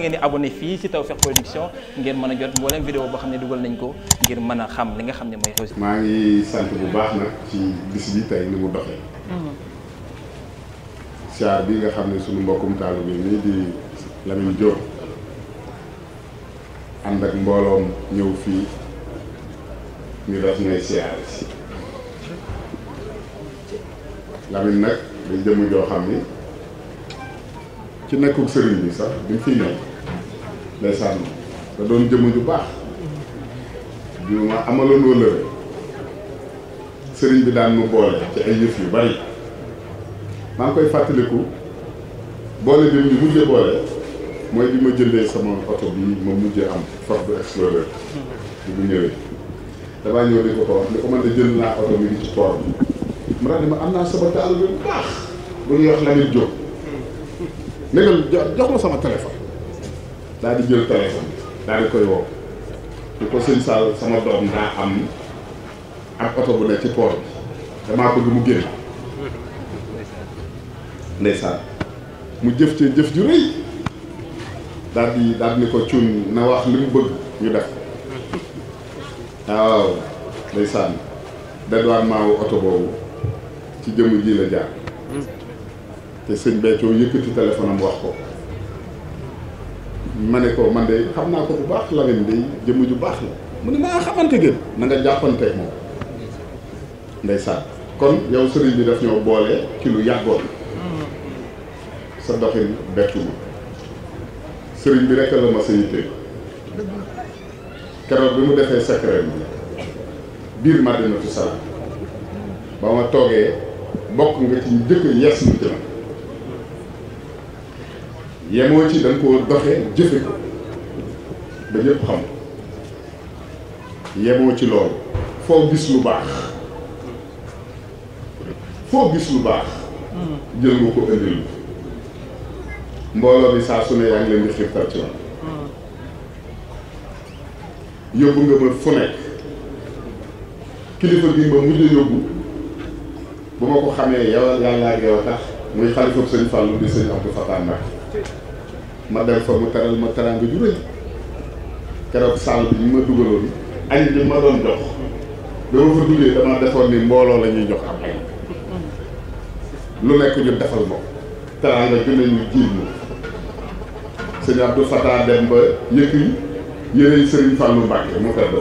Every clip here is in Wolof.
ngeen di abonné fii ci Tawfekh Production ngeen mën a jot mboolem vidéo boo xam ne dugal nañ ko ngir mën a xam li nga xam ne mooy xew maa ngi sant bu baax nag ci bis bi tey ni mu doxee mhm. siyaar bi nga xam ne suñu mbokkum taalu bi nii di Lamine Diop ànd ak mbooloom ñëw fii ñu daf ñooy siyaar si nag day jëmm joo xam ni ci nekkul sëriñ bi sax bi mu fiy nekk ndeysaan te doon jëmm ju baax ju ma bi daan mu boole ci ay yëf yu bari ngi koy fàttaliku boole bi ñu mujjee boole ma jëndee sama oto bi ma am mu ñëwee damaa ñëw di ko ko ko man de jënd naa oto mi ma am naa sama taal bi bu baax bu ñuy wax Lamine Diop négal jox ma sama téléphone daal di jël téléphone daal di koy woo bu ko sëñ Sall sama doom daa am ak oto bu ne ci port bi damaa bëgg mu génn ndeysaan mu jëf ci jëf ju rëy daal di ni ko cuun na wax li mu bëgg ñu def waaw ndeysaan dédouanement wu oto boobu ci jëmm ji la jaar hmm. te sëñ Béthio yëkkati téléphone am wax ko ma ne ko man de xam naa ko bu baax Lamine day jëmm ju baax la mu ne maa ah, xamante gën na nga jàppanteeg moom ndeysaan kon yow sëriñ bi daf ñoo boole ci lu yàggoon sa doxin bettu sëriñ bi rek la ma sa yitte keroog bi mu defee secret bi biir Madinatu Salaam ba ma toogee bokk nga ci njëkk yes lu ci la yemoo ci da nga doxee jëfe ko ba ñëpp xam yemoo ci loolu foo gis lu baax foo gis lu baax jël nga ko indil mbooloo bi saa su ne yaa leen di xiirtal ci man yóbbu nga ma fu nekk kilifa gi ma mujj yóbbu bu ma ko xamee yow yàlla ak yow muy xalifa sëñ Fallou di sëñ Abdou Fatah Mbacké ma dem fa mu teral ma teraanga ju rëy keroog bi ñu ma dugaloon añ bi ma doon jox ba fa duggee dama defoon ni mbooloo la ñuy jox am añ lu nekk ñu defal ma teraanga ju ne ñu jiir ma sëñ Abdou Fatah dem ba yëkk yi yére sëriñ Fallou Mbacke mu tedd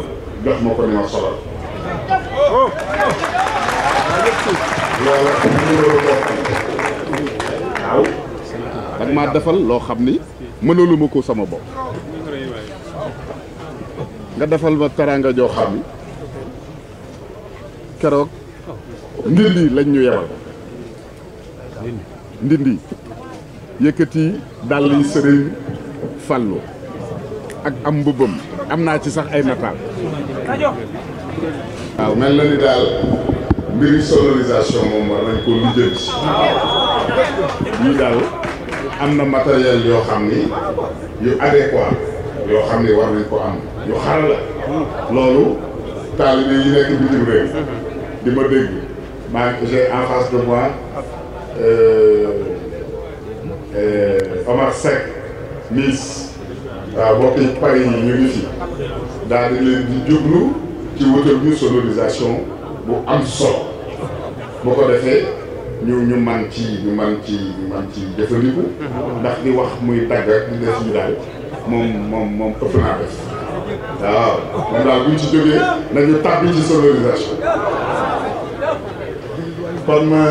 jox ma ko ni ma solal loolu waaw danga maa defal loo xam ni mënalu ko sama bopp nga defal ma teraanga joo xam ni keroog ndindi lañ ñu yebal ndindi yëkkati dàll yi sëriñ fallu ak am mbubbam am naa ci sax ay nataal waaw mel na ni daal mbiri sonorisation moom war nañ ko lijjanti ñii daal am na matériel yoo xam ni yu adéquat yoo xam ni war nañ ko am yu xarala loolu taalibe yi nekk bitim réew di ma dégg maa ngi j'ai en face de moi euh, euh, Omar Seck Miss waaw mbokki Paris yi ñu ngi fi leen di jublu ci wutal ñu sonorisation bu am solo bu ko defee ñu ñu man ci ñu man ci ñu man ci jëfandiku ndax di wax muy tagg ak di def ñu daal moom moom moom ëpp naa def waaw moom daal buñ ci jógee nañu tàbbi ci sonorisation kon ma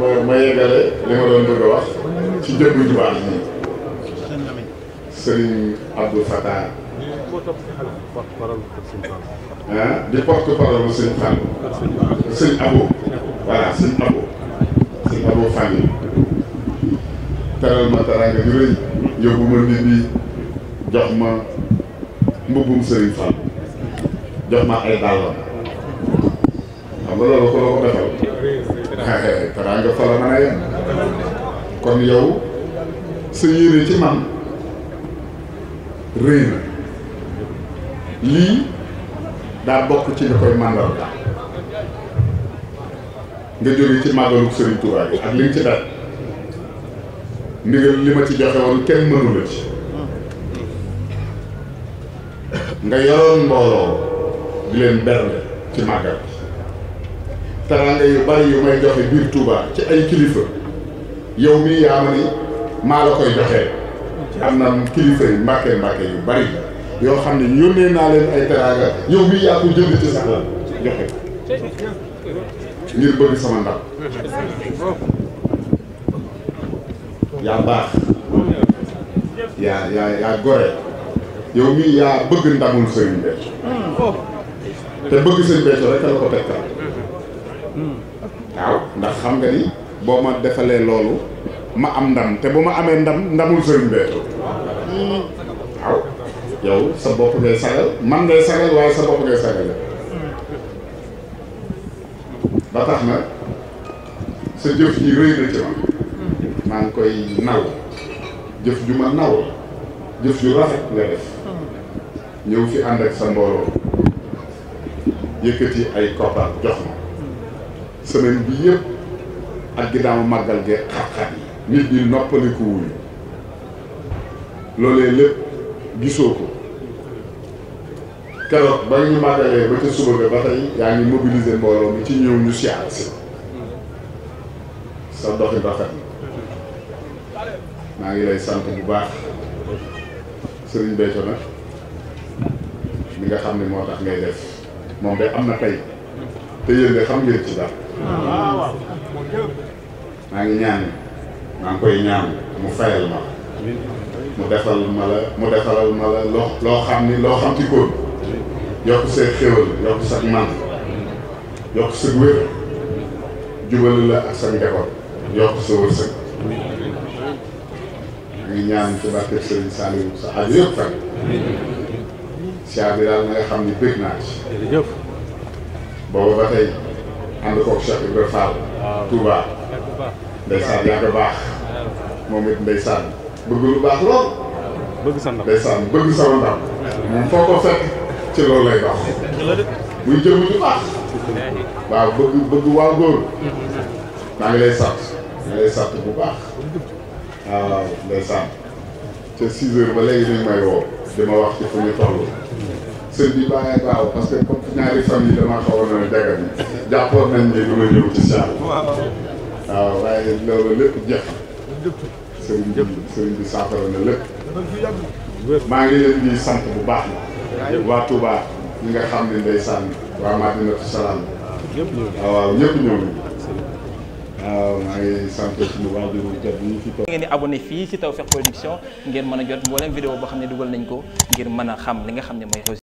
ma ma yeggale li ma doon bëgg a wax ci jëmm ju baax yi Serigne Abdou Fatah di porte parole Serigne Fall Serigne Abo voilà Serigne Abo sëñ Abou Fane teral ma teraanga ju rëy yóbbu ma nit ñi jox ma mbubbum Serigne Fall jox ma ay dàllam xam nga loolu ko la ko defal teraanga fa la mën a yem kon yow sa yéene ci man rëy na lii daa bokk ci li koy màndal nga jóge ci màggalu Serigne Touba bi ak li ci daj ndigal li ma ci joxe woon kenn mënu ci nga yoroon mbooloo di leen bernde ci màggal bi taranga yu bari yu may joxe biir Touba ci ay kilifa yow mii yaa ma ni maa la koy joxee am na kilifa yi mbàkke mbàkke yu bari yoo xam ne yónnee naa leen ay teraanga yow mii yaa ko jënd ci sax joxe ngir bëgg sama ndam yaa baax yaa yaa yaa gore yow mii yaa bëgg ndamul sëriñ Béthio te bëgg sëriñ Béthio rek la ko tegtal waaw ndax xam nga ni boo ma defalee loolu ma am ndam te bu ma amee ndam ndamul sëriñ Béthio waaw yow sa bopp ngay sagal man ngay sagal waaye sa bopp ngay sagal ba tax na sa jëf yi rëy na man maa ngi koy naw jëf ju ma naw jëf ju rafet nga def fi ànd ak sa mbooloo yëkkati ay koppar jox ma semaine bi yëpp ak ginnaaw màggal ge xat-xat yi nit ñi noppalikuwuñu loolee lépp gisoo ko keroog ba ñu màggalee ba ca suba ba tey yaa ngi mobiliser mu mi ci ñëw ñu siyaar si sa doxin rafet maa ngi lay sant bu baax sëriñ Béthio nag nga xam ni moo tax ngay def moom day am na tey te yéen de xam ngeen ci dara maa ngi ñaan maa ngi koy ñaan mu fayal ma mu defal ma la mu defalal ma la loo xam ni loo xam ci koon yokk say xéwal yokk sax man yokk sa wér jubal la ak sa njaboot yokk sa wërsëg ngi ñaan ci barke Serigne Saliou sa aju yëpp fan siyaar bi daal nga xam ni bëgg naa ba tey ànd kook Cheikh Ibrahima Fall Touba ndeysaan yaa ko baax moom it ndeysaan bëgg lu baax lool ndeysaan bëgg sama ndam moom foo ko fekk ci loolu lay dox muy jëm ñu baax waaw bëgg bëgg waa góor maa ngi lay sant maa ngi lay sant bu baax waaw ndeysaan ca six heures ba léegi ñu may woo dama wax ci fu ñu toll sëñ bi bàyyi baaw parce que comme ñaari famille damaa xaw a na jagat yi jàppoon nañ ne du ma ñëw ci saal waaw waaye loolu lépp jeex sëriñ bi sëriñ bi saafara na lépp maa ngi leen di sant bu baax na waa Touba ñi nga xam ne ndeysaan waa Madinatu Salaam ah, waaw ñëpp ñëw nañu waaw ah, maa ngi sant suñu waajur bu ñu fi toog ngeen di abonné fii ci Tawfekh Production ngeen mën a jot mboolem vidéo boo xam ne dugal nañ ko ngir mën a xam li nga xam ne mooy